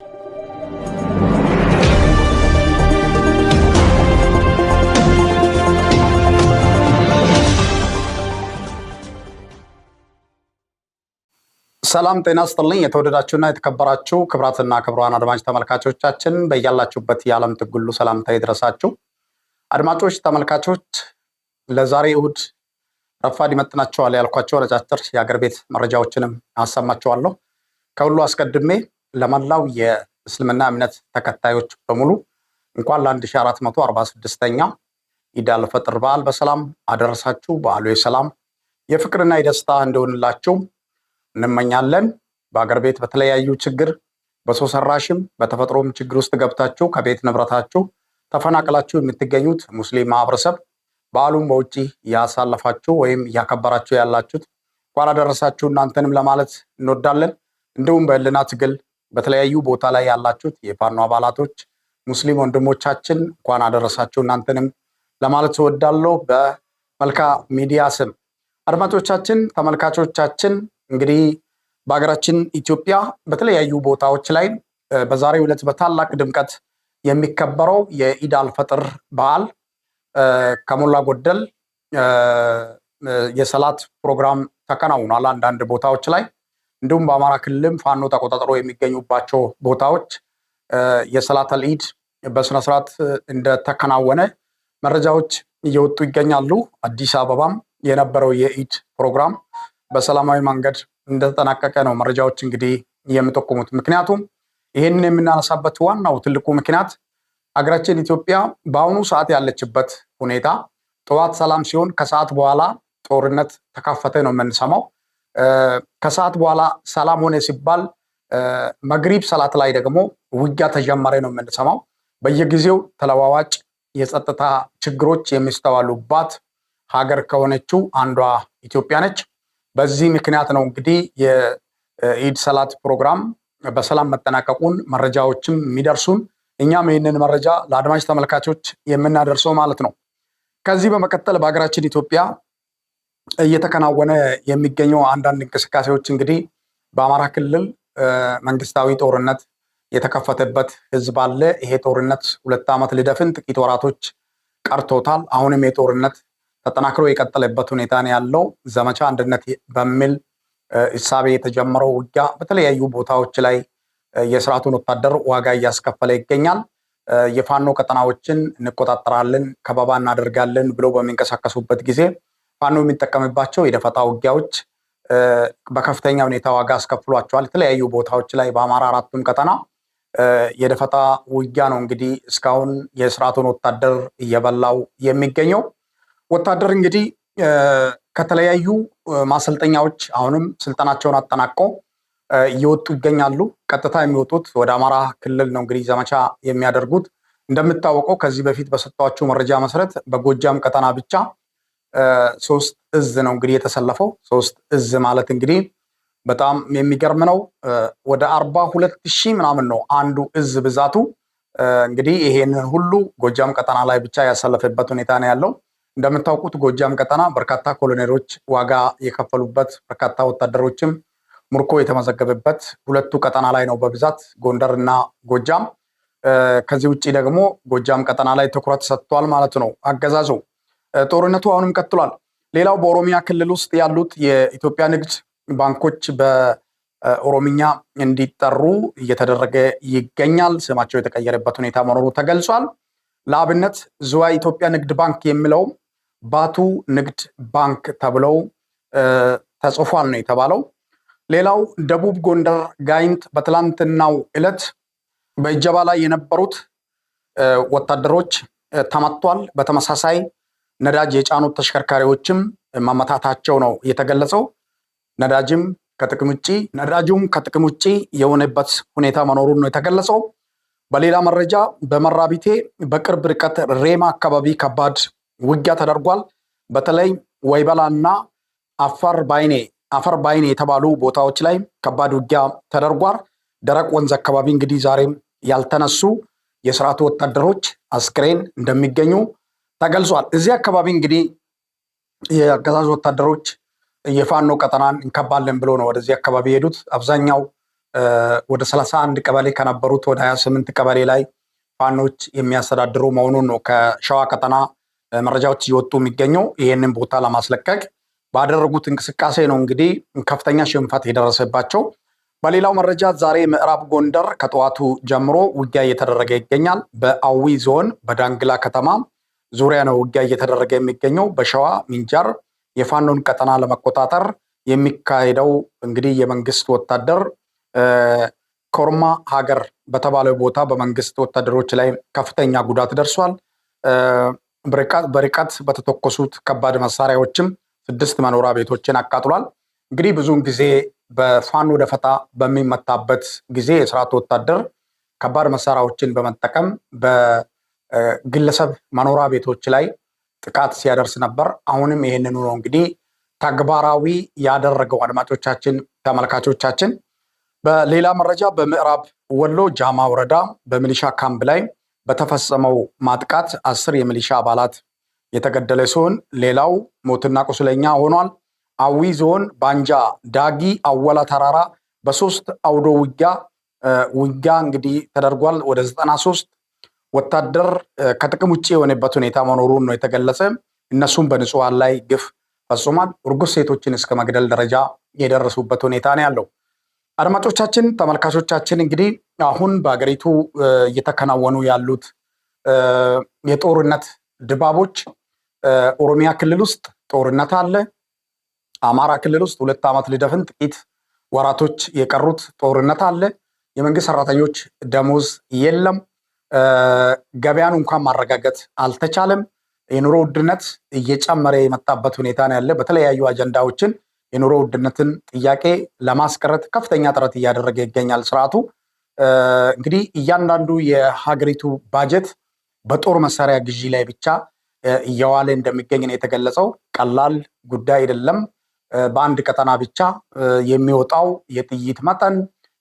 ሰላም ጤና ስጥልኝ። የተወደዳችሁና የተከበራችሁ ክብራትና ክብሯን አድማጭ ተመልካቾቻችን በያላችሁበት የዓለም ትጉሉ ሰላምታ ይድረሳችሁ። አድማጮች ተመልካቾች፣ ለዛሬ እሁድ ረፋድ ይመጥናቸዋል ያልኳቸው ረጃጭር የአገር ቤት መረጃዎችንም አሰማችኋለሁ። ከሁሉ አስቀድሜ ለመላው የእስልምና እምነት ተከታዮች በሙሉ እንኳን ለ1446ኛ ኢዳል ፈጥር በዓል በሰላም አደረሳችሁ። በዓሉ የሰላም የፍቅርና የደስታ እንደሆንላችሁ እንመኛለን። በአገር ቤት በተለያዩ ችግር በሰው ሰራሽም በተፈጥሮም ችግር ውስጥ ገብታችሁ ከቤት ንብረታችሁ ተፈናቅላችሁ የምትገኙት ሙስሊም ማህበረሰብ በዓሉን በውጭ እያሳለፋችሁ ወይም እያከበራችሁ ያላችሁት እንኳን አደረሳችሁ እናንተንም ለማለት እንወዳለን። እንዲሁም በህልና ትግል በተለያዩ ቦታ ላይ ያላችሁት የፋኖ አባላቶች ሙስሊም ወንድሞቻችን እንኳን አደረሳችሁ እናንተንም ለማለት እወዳለሁ በመልካ ሚዲያ ስም። አድማጮቻችን፣ ተመልካቾቻችን እንግዲህ በሀገራችን ኢትዮጵያ በተለያዩ ቦታዎች ላይ በዛሬው ዕለት በታላቅ ድምቀት የሚከበረው የኢድ አልፈጥር በዓል ከሞላ ጎደል የሰላት ፕሮግራም ተከናውኗል። አንዳንድ ቦታዎች ላይ እንዲሁም በአማራ ክልልም ፋኖ ተቆጣጥሮ የሚገኙባቸው ቦታዎች የሰላተል ኢድ በስነስርዓት እንደተከናወነ መረጃዎች እየወጡ ይገኛሉ። አዲስ አበባም የነበረው የኢድ ፕሮግራም በሰላማዊ መንገድ እንደተጠናቀቀ ነው መረጃዎች እንግዲህ የሚጠቁሙት። ምክንያቱም ይህንን የምናነሳበት ዋናው ትልቁ ምክንያት ሀገራችን ኢትዮጵያ በአሁኑ ሰዓት ያለችበት ሁኔታ ጠዋት ሰላም ሲሆን ከሰዓት በኋላ ጦርነት ተካፈተ ነው የምንሰማው። ከሰዓት በኋላ ሰላም ሆነ ሲባል መግሪብ ሰላት ላይ ደግሞ ውጊያ ተጀመረ ነው የምንሰማው። በየጊዜው ተለዋዋጭ የጸጥታ ችግሮች የሚስተዋሉባት ሀገር ከሆነችው አንዷ ኢትዮጵያ ነች። በዚህ ምክንያት ነው እንግዲህ የኢድ ሰላት ፕሮግራም በሰላም መጠናቀቁን መረጃዎችም የሚደርሱን እኛም ይህንን መረጃ ለአድማጭ ተመልካቾች የምናደርሰው ማለት ነው። ከዚህ በመቀጠል በሀገራችን ኢትዮጵያ እየተከናወነ የሚገኘው አንዳንድ እንቅስቃሴዎች እንግዲህ በአማራ ክልል መንግስታዊ ጦርነት የተከፈተበት ህዝብ አለ። ይሄ ጦርነት ሁለት ዓመት ሊደፍን ጥቂት ወራቶች ቀርቶታል። አሁንም የጦርነት ተጠናክሮ የቀጠለበት ሁኔታ ነው ያለው። ዘመቻ አንድነት በሚል እሳቤ የተጀመረው ውጊያ በተለያዩ ቦታዎች ላይ የስርዓቱን ወታደር ዋጋ እያስከፈለ ይገኛል። የፋኖ ቀጠናዎችን እንቆጣጠራለን፣ ከበባ እናደርጋለን ብሎ በሚንቀሳቀሱበት ጊዜ ፋኖ የሚጠቀምባቸው የደፈጣ ውጊያዎች በከፍተኛ ሁኔታ ዋጋ አስከፍሏቸዋል። የተለያዩ ቦታዎች ላይ በአማራ አራቱም ቀጠና የደፈጣ ውጊያ ነው እንግዲህ እስካሁን የስርዓቱን ወታደር እየበላው የሚገኘው። ወታደር እንግዲህ ከተለያዩ ማሰልጠኛዎች አሁንም ስልጠናቸውን አጠናቀው እየወጡ ይገኛሉ። ቀጥታ የሚወጡት ወደ አማራ ክልል ነው እንግዲህ ዘመቻ የሚያደርጉት። እንደምታወቀው ከዚህ በፊት በሰጧቸው መረጃ መሰረት በጎጃም ቀጠና ብቻ ሶስት እዝ ነው እንግዲህ የተሰለፈው። ሶስት እዝ ማለት እንግዲህ በጣም የሚገርም ነው። ወደ አርባ ሁለት ሺህ ምናምን ነው አንዱ እዝ ብዛቱ። እንግዲህ ይሄንን ሁሉ ጎጃም ቀጠና ላይ ብቻ ያሰለፈበት ሁኔታ ነው ያለው። እንደምታውቁት ጎጃም ቀጠና በርካታ ኮሎኔሎች ዋጋ የከፈሉበት፣ በርካታ ወታደሮችም ምርኮ የተመዘገበበት ሁለቱ ቀጠና ላይ ነው በብዛት ጎንደር እና ጎጃም። ከዚህ ውጭ ደግሞ ጎጃም ቀጠና ላይ ትኩረት ሰጥቷል ማለት ነው አገዛዙ። ጦርነቱ አሁንም ቀጥሏል። ሌላው በኦሮሚያ ክልል ውስጥ ያሉት የኢትዮጵያ ንግድ ባንኮች በኦሮሚኛ እንዲጠሩ እየተደረገ ይገኛል። ስማቸው የተቀየረበት ሁኔታ መኖሩ ተገልጿል። ለአብነት ዝዋይ ኢትዮጵያ ንግድ ባንክ የሚለው ባቱ ንግድ ባንክ ተብለው ተጽፏል ነው የተባለው። ሌላው ደቡብ ጎንደር ጋይንት በትላንትናው ዕለት በእጀባ ላይ የነበሩት ወታደሮች ተመቷል። በተመሳሳይ ነዳጅ የጫኑት ተሽከርካሪዎችም መመታታቸው ነው የተገለጸው። ነዳጅም ከጥቅም ውጭ ነዳጁም ከጥቅም ውጭ የሆነበት ሁኔታ መኖሩን ነው የተገለጸው። በሌላ መረጃ በመራቢቴ በቅርብ ርቀት ሬማ አካባቢ ከባድ ውጊያ ተደርጓል። በተለይ ወይበላና አፈር ባይኔ አፈር ባይኔ የተባሉ ቦታዎች ላይ ከባድ ውጊያ ተደርጓል። ደረቅ ወንዝ አካባቢ እንግዲህ ዛሬም ያልተነሱ የስርዓቱ ወታደሮች አስክሬን እንደሚገኙ ተገልጿል። እዚህ አካባቢ እንግዲህ የአገዛዝ ወታደሮች የፋኖ ቀጠናን እንከባለን ብሎ ነው ወደዚህ አካባቢ የሄዱት። አብዛኛው ወደ 31 ቀበሌ ከነበሩት ወደ 28 ቀበሌ ላይ ፋኖች የሚያስተዳድሩ መሆኑን ነው ከሸዋ ቀጠና መረጃዎች እየወጡ የሚገኘው። ይህንን ቦታ ለማስለቀቅ ባደረጉት እንቅስቃሴ ነው እንግዲህ ከፍተኛ ሽንፈት የደረሰባቸው። በሌላው መረጃ ዛሬ ምዕራብ ጎንደር ከጠዋቱ ጀምሮ ውጊያ እየተደረገ ይገኛል። በአዊ ዞን በዳንግላ ከተማ ዙሪያ ነው ውጊያ እየተደረገ የሚገኘው። በሸዋ ሚንጃር የፋኖን ቀጠና ለመቆጣጠር የሚካሄደው እንግዲህ የመንግስት ወታደር ኮርማ ሀገር በተባለው ቦታ በመንግስት ወታደሮች ላይ ከፍተኛ ጉዳት ደርሷል። በርቀት በተተኮሱት ከባድ መሳሪያዎችም ስድስት መኖሪያ ቤቶችን አቃጥሏል። እንግዲህ ብዙውን ጊዜ በፋኖ ደፈጣ በሚመታበት ጊዜ የስርዓት ወታደር ከባድ መሳሪያዎችን በመጠቀም ግለሰብ መኖሪያ ቤቶች ላይ ጥቃት ሲያደርስ ነበር። አሁንም ይህንኑ ነው እንግዲህ ተግባራዊ ያደረገው። አድማጮቻችን፣ ተመልካቾቻችን፣ በሌላ መረጃ በምዕራብ ወሎ ጃማ ወረዳ በሚሊሻ ካምፕ ላይ በተፈጸመው ማጥቃት አስር የሚሊሻ አባላት የተገደለ ሲሆን ሌላው ሞትና ቁስለኛ ሆኗል። አዊ ዞን ባንጃ ዳጊ አወላ ተራራ በሶስት አውዶ ውጊያ ውጊያ እንግዲህ ተደርጓል። ወደ ዘጠና ሶስት ወታደር ከጥቅም ውጭ የሆነበት ሁኔታ መኖሩን ነው የተገለጸ። እነሱም በንጹሃን ላይ ግፍ ፈጽሟል። እርጉዝ ሴቶችን እስከ መግደል ደረጃ የደረሱበት ሁኔታ ነው ያለው። አድማጮቻችን፣ ተመልካቾቻችን እንግዲህ አሁን በሀገሪቱ እየተከናወኑ ያሉት የጦርነት ድባቦች ኦሮሚያ ክልል ውስጥ ጦርነት አለ። አማራ ክልል ውስጥ ሁለት ዓመት ሊደፍን ጥቂት ወራቶች የቀሩት ጦርነት አለ። የመንግስት ሰራተኞች ደሞዝ የለም። ገበያን እንኳን ማረጋገጥ አልተቻለም። የኑሮ ውድነት እየጨመረ የመጣበት ሁኔታ ነው ያለ። በተለያዩ አጀንዳዎችን የኑሮ ውድነትን ጥያቄ ለማስቀረት ከፍተኛ ጥረት እያደረገ ይገኛል ስርዓቱ። እንግዲህ እያንዳንዱ የሀገሪቱ ባጀት በጦር መሳሪያ ግዢ ላይ ብቻ እየዋለ እንደሚገኝ ነው የተገለጸው። ቀላል ጉዳይ አይደለም። በአንድ ቀጠና ብቻ የሚወጣው የጥይት መጠን፣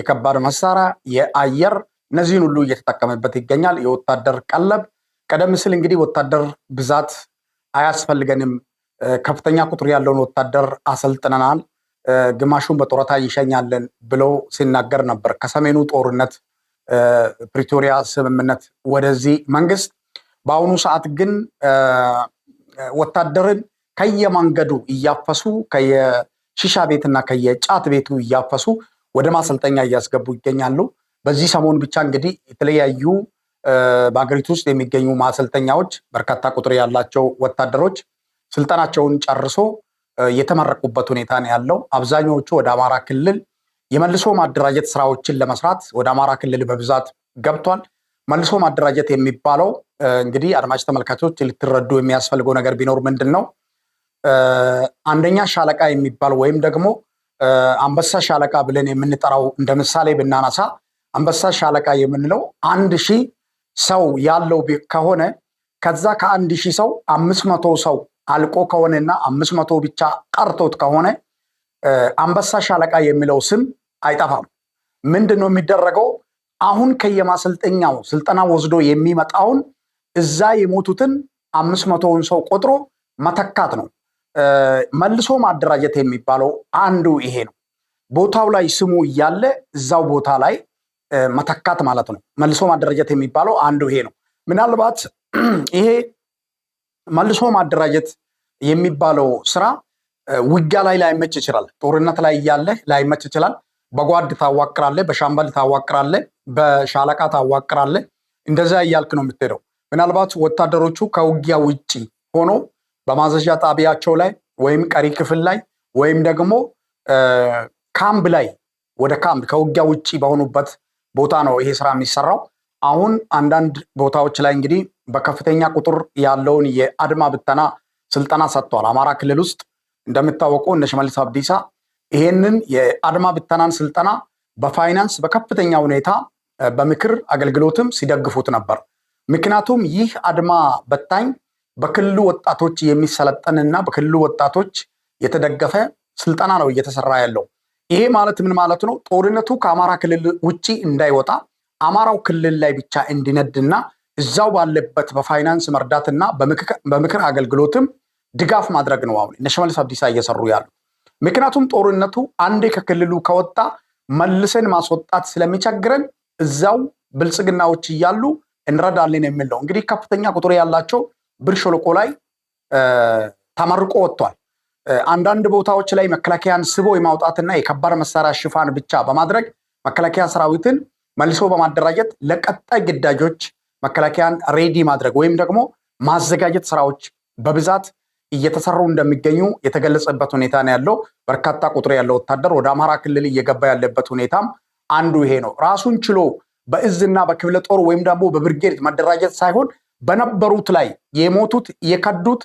የከባድ መሳሪያ፣ የአየር እነዚህን ሁሉ እየተጠቀመበት ይገኛል። የወታደር ቀለብ ቀደም ሲል እንግዲህ ወታደር ብዛት አያስፈልገንም፣ ከፍተኛ ቁጥር ያለውን ወታደር አሰልጥነናል፣ ግማሹን በጡረታ ይሸኛለን ብሎ ሲናገር ነበር። ከሰሜኑ ጦርነት ፕሪቶሪያ ስምምነት ወደዚህ መንግስት በአሁኑ ሰዓት ግን ወታደርን ከየመንገዱ እያፈሱ ከየሺሻ ቤትና ከየጫት ቤቱ እያፈሱ ወደ ማሰልጠኛ እያስገቡ ይገኛሉ። በዚህ ሰሞን ብቻ እንግዲህ የተለያዩ በሀገሪቱ ውስጥ የሚገኙ ማሰልጠኛዎች በርካታ ቁጥር ያላቸው ወታደሮች ስልጠናቸውን ጨርሶ የተመረቁበት ሁኔታ ነው ያለው። አብዛኛዎቹ ወደ አማራ ክልል የመልሶ ማደራጀት ስራዎችን ለመስራት ወደ አማራ ክልል በብዛት ገብቷል። መልሶ ማደራጀት የሚባለው እንግዲህ አድማጭ ተመልካቾች ልትረዱ የሚያስፈልገው ነገር ቢኖር ምንድን ነው፣ አንደኛ ሻለቃ የሚባል ወይም ደግሞ አንበሳ ሻለቃ ብለን የምንጠራው እንደ ምሳሌ ብናነሳ አንበሳ ሻለቃ የምንለው አንድ ሺህ ሰው ያለው ከሆነ ከዛ ከአንድ ሺህ ሰው አምስት መቶ ሰው አልቆ ከሆነና አምስት መቶ ብቻ ቀርቶት ከሆነ አንበሳ ሻለቃ የሚለው ስም አይጠፋም። ምንድን ነው የሚደረገው? አሁን ከየማሰልጠኛው ስልጠና ወስዶ የሚመጣውን እዛ የሞቱትን አምስት መቶውን ሰው ቆጥሮ መተካት ነው። መልሶ ማደራጀት የሚባለው አንዱ ይሄ ነው። ቦታው ላይ ስሙ እያለ እዛው ቦታ ላይ መተካት ማለት ነው። መልሶ ማደራጀት የሚባለው አንዱ ይሄ ነው። ምናልባት ይሄ መልሶ ማደራጀት የሚባለው ስራ ውጊያ ላይ ላይመች ይችላል። ጦርነት ላይ እያለህ ላይመች ይችላል። በጓድ ታዋቅራለ፣ በሻምበል ታዋቅራለ፣ በሻለቃ ታዋቅራለ። እንደዚያ እያልክ ነው የምትሄደው። ምናልባት ወታደሮቹ ከውጊያ ውጭ ሆኖ በማዘዣ ጣቢያቸው ላይ ወይም ቀሪ ክፍል ላይ ወይም ደግሞ ካምፕ ላይ ወደ ካምፕ ከውጊያ ውጭ በሆኑበት ቦታ ነው ይሄ ስራ የሚሰራው። አሁን አንዳንድ ቦታዎች ላይ እንግዲህ በከፍተኛ ቁጥር ያለውን የአድማ ብተና ስልጠና ሰጥቷል። አማራ ክልል ውስጥ እንደሚታወቀው እነ ሽመልስ አብዲሳ ይሄንን የአድማ ብተናን ስልጠና በፋይናንስ በከፍተኛ ሁኔታ በምክር አገልግሎትም ሲደግፉት ነበር። ምክንያቱም ይህ አድማ በታኝ በክልሉ ወጣቶች የሚሰለጠንና በክልሉ ወጣቶች የተደገፈ ስልጠና ነው እየተሰራ ያለው። ይሄ ማለት ምን ማለት ነው? ጦርነቱ ከአማራ ክልል ውጭ እንዳይወጣ አማራው ክልል ላይ ብቻ እንዲነድና እዛው ባለበት በፋይናንስ መርዳትና በምክር አገልግሎትም ድጋፍ ማድረግ ነው አሁን እነ ሽመልስ አብዲሳ እየሰሩ ያሉ። ምክንያቱም ጦርነቱ አንዴ ከክልሉ ከወጣ መልሰን ማስወጣት ስለሚቸግረን እዛው ብልጽግናዎች እያሉ እንረዳለን የሚል ነው። እንግዲህ ከፍተኛ ቁጥር ያላቸው ብር ሸለቆ ላይ ተመርቆ ወጥቷል። አንዳንድ ቦታዎች ላይ መከላከያን ስቦ የማውጣትና የከባድ መሳሪያ ሽፋን ብቻ በማድረግ መከላከያ ሰራዊትን መልሶ በማደራጀት ለቀጣይ ግዳጆች መከላከያን ሬዲ ማድረግ ወይም ደግሞ ማዘጋጀት ስራዎች በብዛት እየተሰሩ እንደሚገኙ የተገለጸበት ሁኔታ ነው ያለው። በርካታ ቁጥር ያለው ወታደር ወደ አማራ ክልል እየገባ ያለበት ሁኔታም አንዱ ይሄ ነው። ራሱን ችሎ በእዝና በክፍለ ጦር ወይም ደግሞ በብርጌድ መደራጀት ሳይሆን በነበሩት ላይ የሞቱት የከዱት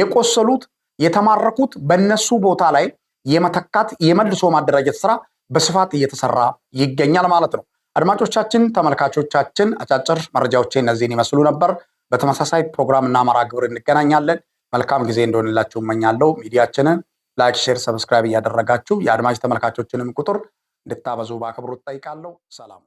የቆሰሉት የተማረኩት በእነሱ ቦታ ላይ የመተካት የመልሶ ማደራጀት ስራ በስፋት እየተሰራ ይገኛል ማለት ነው። አድማጮቻችን፣ ተመልካቾቻችን አጫጭር መረጃዎች እነዚህን ይመስሉ ነበር። በተመሳሳይ ፕሮግራምና አማራ ግብር እንገናኛለን። መልካም ጊዜ እንደሆንላችሁ እመኛለሁ። ሚዲያችንን ላይክ፣ ሼር፣ ሰብስክራይብ እያደረጋችሁ የአድማጭ ተመልካቾችንም ቁጥር እንድታበዙ በአክብሮት ጠይቃለሁ። ሰላም